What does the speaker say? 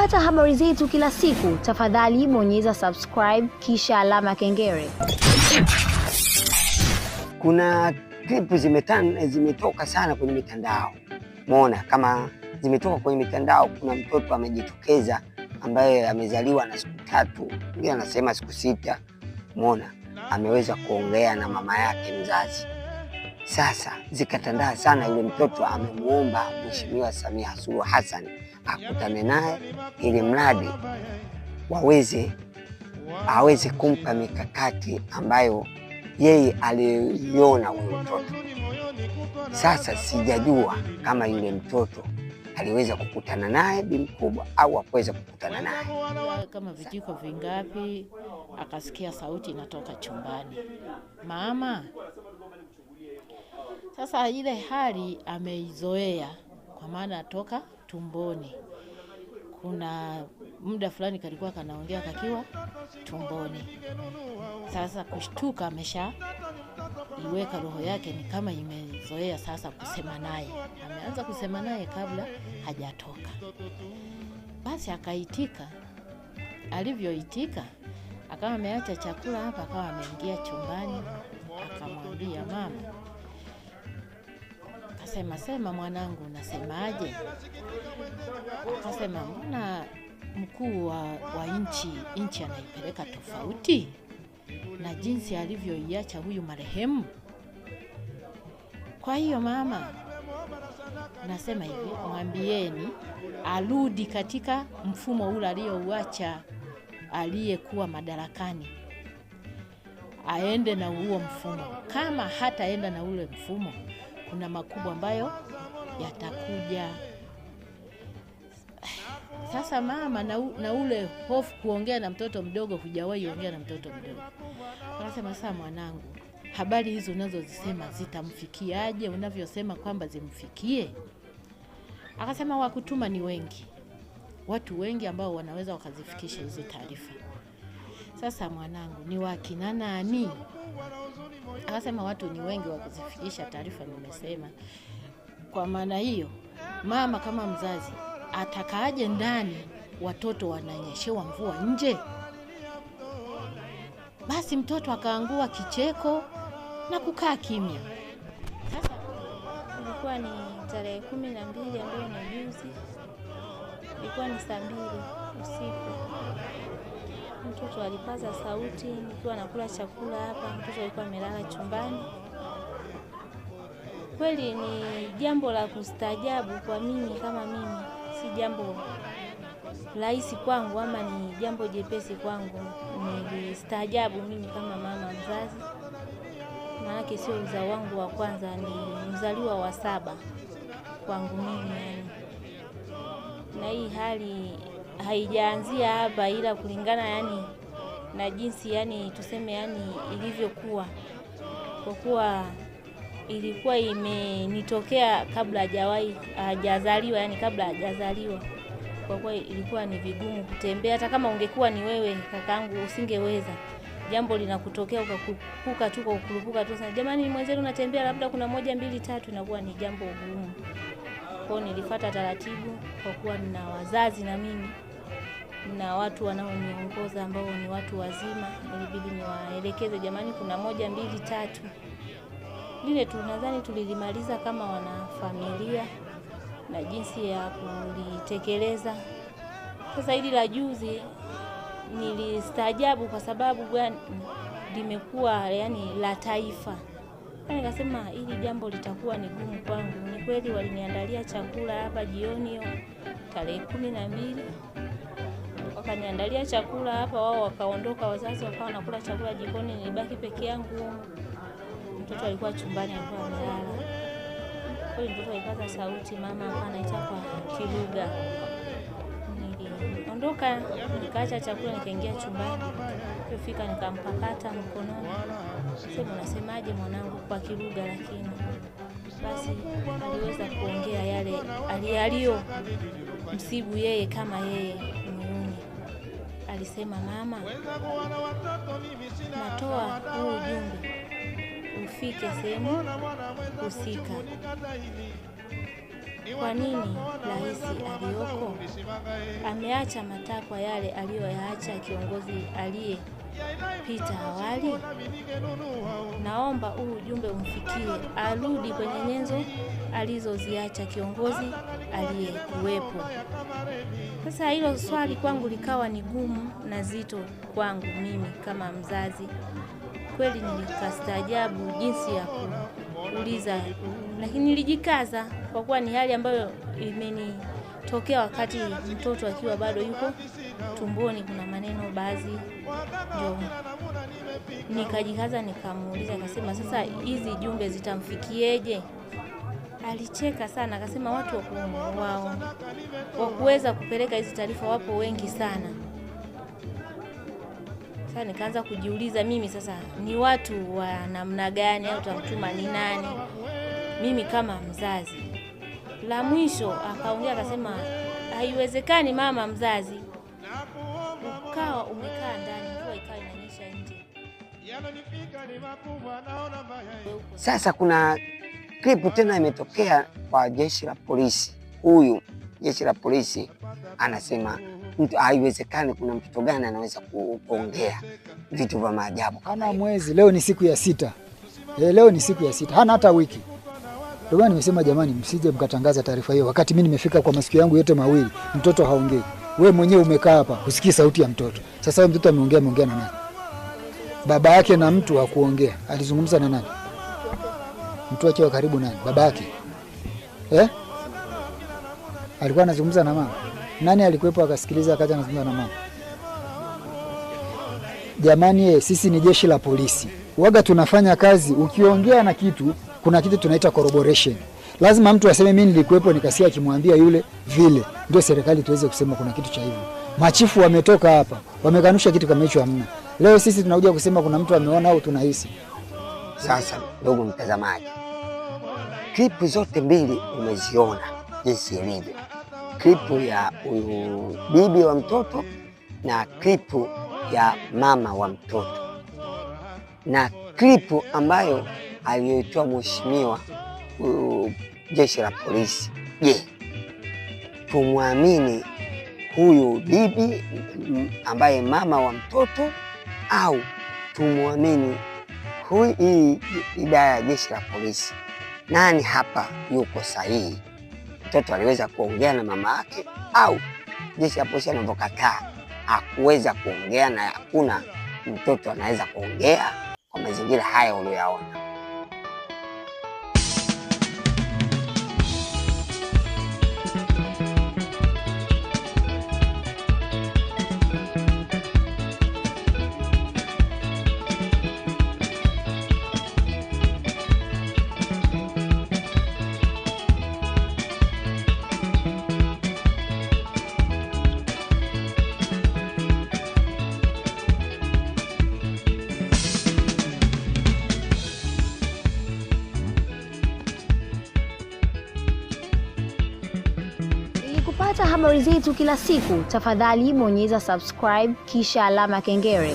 kupata habari zetu kila siku, tafadhali bonyeza subscribe kisha alama kengere Kuna klipu zimetana zimetoka sana kwenye mitandao, umeona kama zimetoka kwenye mitandao. Kuna mtoto amejitokeza ambaye amezaliwa na siku tatu, ngine anasema siku sita, umeona ameweza kuongea na mama yake mzazi. Sasa zikatandaa sana, yule mtoto amemuomba Mheshimiwa Samia Suluhu Hassan akutane naye, ili mradi waweze aweze kumpa mikakati ambayo yeye aliiona huyo mtoto. Sasa sijajua kama yule mtoto aliweza kukutana naye bi mkubwa au akuweza kukutana naye, kama vijiko vingapi. Akasikia sauti inatoka chumbani, mama. Sasa ile hali ameizoea, kwa maana atoka tumboni. Kuna muda fulani kalikuwa kanaongea kakiwa tumboni. Sasa kushtuka, amesha iweka roho yake ni kama imezoea sasa kusema naye, ameanza kusema naye kabla hajatoka. Basi akaitika, alivyoitika akawa ameacha chakula hapa, akawa ameingia chumbani, akamwambia mama Akasema, sema mwanangu, unasemaje? Akasema, mbona mkuu wa, wa nchi nchi anaipeleka tofauti na jinsi alivyoiacha huyu marehemu. Kwa hiyo mama, nasema hivi, mwambieni arudi katika mfumo ule aliyouacha aliyekuwa madarakani, aende na huo mfumo. Kama hataenda na ule mfumo, kuna makubwa ambayo yatakuja. Sasa mama na, na ule hofu kuongea na mtoto mdogo, hujawahi ongea na mtoto mdogo, anasema sasa, mwanangu, habari hizo unazozisema zitamfikiaje? Unavyosema kwamba zimfikie. Akasema wakutuma ni wengi, watu wengi ambao wanaweza wakazifikisha hizi taarifa. Sasa mwanangu, ni wakina nani? akasema watu ni wengi wa kuzifikisha taarifa. Nimesema kwa maana hiyo, mama kama mzazi atakaaje ndani watoto wananyeshewa mvua nje? Basi mtoto akaangua kicheko na kukaa kimya. Sasa ilikuwa ni tarehe kumi na mbili ambayo ni juzi ilikuwa ni saa mbili usiku mtoto alipaza sauti, nikiwa nakula chakula hapa, mtoto alikuwa amelala chumbani. Kweli ni jambo la kustaajabu kwa mimi, kama mimi, si jambo rahisi kwangu, ama ni jambo jepesi kwangu. Nilistaajabu mimi kama mama mzazi, maanake sio uzao wangu wa kwanza, ni mzaliwa wa saba kwangu mimi yani, na hii hali haijaanzia hapa, ila kulingana yani na jinsi yani tuseme yani ilivyokuwa, kwa kuwa ilikuwa imenitokea kabla hajawahi hajazaliwa, yani kabla hajazaliwa, kwa kuwa ilikuwa ni vigumu kutembea. Hata kama ungekuwa ni wewe kakaangu, usingeweza jambo linakutokea ukakupuka tu kwa kukurupuka tu sana, jamani mwenzenu unatembea, labda kuna moja mbili tatu, inakuwa ni jambo gumu. Kwao nilifata taratibu, kwa kuwa nina wazazi na mimi na watu wanaoniongoza ambao ni watu wazima, ilibidi niwaelekeze, jamani, kuna moja mbili tatu. Lile tu nadhani tulilimaliza kama wanafamilia na jinsi ya kulitekeleza. Sasa hili la juzi nilistaajabu kwa sababu limekuwa yani la taifa. Nikasema hili jambo litakuwa ni gumu kwangu. Ni kweli waliniandalia chakula hapa jioni hiyo tarehe kumi na mbili kaniandalia chakula hapa, wao wakaondoka, wazazi wakawa wanakula chakula jikoni, nilibaki peke yangu. Mtoto alikuwa chumbani, alikuwa amelala. Kwa hiyo mtoto alipata sauti, mama anaita kwa Kiluga. Niliondoka nikaacha chakula, nikaingia chumbani, kufika nikampakata mkononi, sema unasemaje mwanangu, kwa Kiluga lakini basi aliweza kuongea yale aliyalio msibu yeye kama yeye alisema, mama, natoa huu ujumbe ufike sehemu husika. Kwa nini rais aliyoko ameacha matakwa yale aliyoyaacha kiongozi aliye Peter awali, naomba huu ujumbe umfikie, arudi kwenye nyenzo alizoziacha kiongozi aliyekuwepo. Sasa hilo swali kwangu likawa ni gumu na zito kwangu mimi kama mzazi. Kweli nilikastaajabu jinsi ya kuuliza, lakini nilijikaza kwa kuwa ni hali ambayo imenitokea wakati mtoto akiwa bado yuko tumboni kuna maneno baadhi, nikajikaza, nikamuuliza, akasema sasa hizi jumbe zitamfikieje? Alicheka sana, akasema watu wao wa kuweza kupeleka hizi taarifa wapo wengi sana. Sasa nikaanza kujiuliza mimi sasa ni watu wa namna gani, au tutamtuma ni nani mimi kama mzazi? La mwisho akaongea akasema, haiwezekani mama mzazi ukawa umekaa ndani, mvua ikawa inanyesha nje. Sasa kuna klipu tena imetokea kwa jeshi la polisi. Huyu jeshi la polisi anasema mtu haiwezekani, kuna mtoto gani anaweza kuongea vitu vya maajabu? Hana mwezi, leo ni siku ya sita. E, leo ni siku ya sita, hana hata wiki. Ndio maana nimesema jamani, msije mkatangaza taarifa hiyo, wakati mimi nimefika kwa masikio yangu yote mawili, mtoto haongei we mwenyewe umekaa hapa usikii sauti ya mtoto. Sasa mtoto ameongea, ameongea na nani? Baba yake na mtu wa kuongea alizungumza na nani? Mtu wake wa karibu nani? Baba yake eh? alikuwa anazungumza na mama nani? Alikuwepo akasikiliza akaja anazungumza na mama? Jamani ye, eh, sisi ni jeshi la polisi, waga tunafanya kazi. Ukiongea na kitu, kuna kitu tunaita corroboration. Lazima mtu aseme mimi nilikuwepo nikasikia akimwambia yule vile ndio serikali tuweze kusema kuna kitu cha hivyo. Machifu wametoka hapa wamekanusha kitu kama hicho, hamna. Leo sisi tunakuja kusema kuna mtu ameona au tunahisi. Sasa ndugu mtazamaji, klipu zote mbili umeziona jinsi ilivyo, klipu ya huyu bibi wa mtoto na klipu ya mama wa mtoto na klipu ambayo aliyoitoa mheshimiwa uh, jeshi la polisi. Je, yeah tumwamini huyu bibi ambaye mama wa mtoto au tumwamini hii idara ya jeshi la polisi. Nani hapa yuko sahihi? Mtoto aliweza kuongea na mama yake au jeshi la polisi anavyokataa hakuweza kuongea, na hakuna mtoto anaweza kuongea kwa mazingira haya uliyoyaona. habari zetu kila siku, tafadhali bonyeza subscribe kisha alama kengele.